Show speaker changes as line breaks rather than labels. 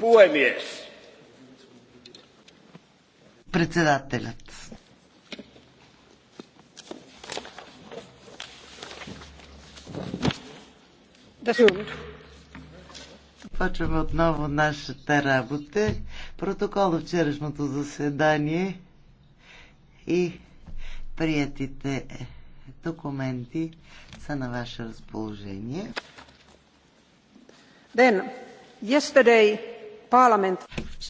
Puhemies. Председателят.
Да
се Почваме отново нашата работа. Протокол от вчерашното заседание и приятите документи са на ваше разположение.
Then, yesterday parliament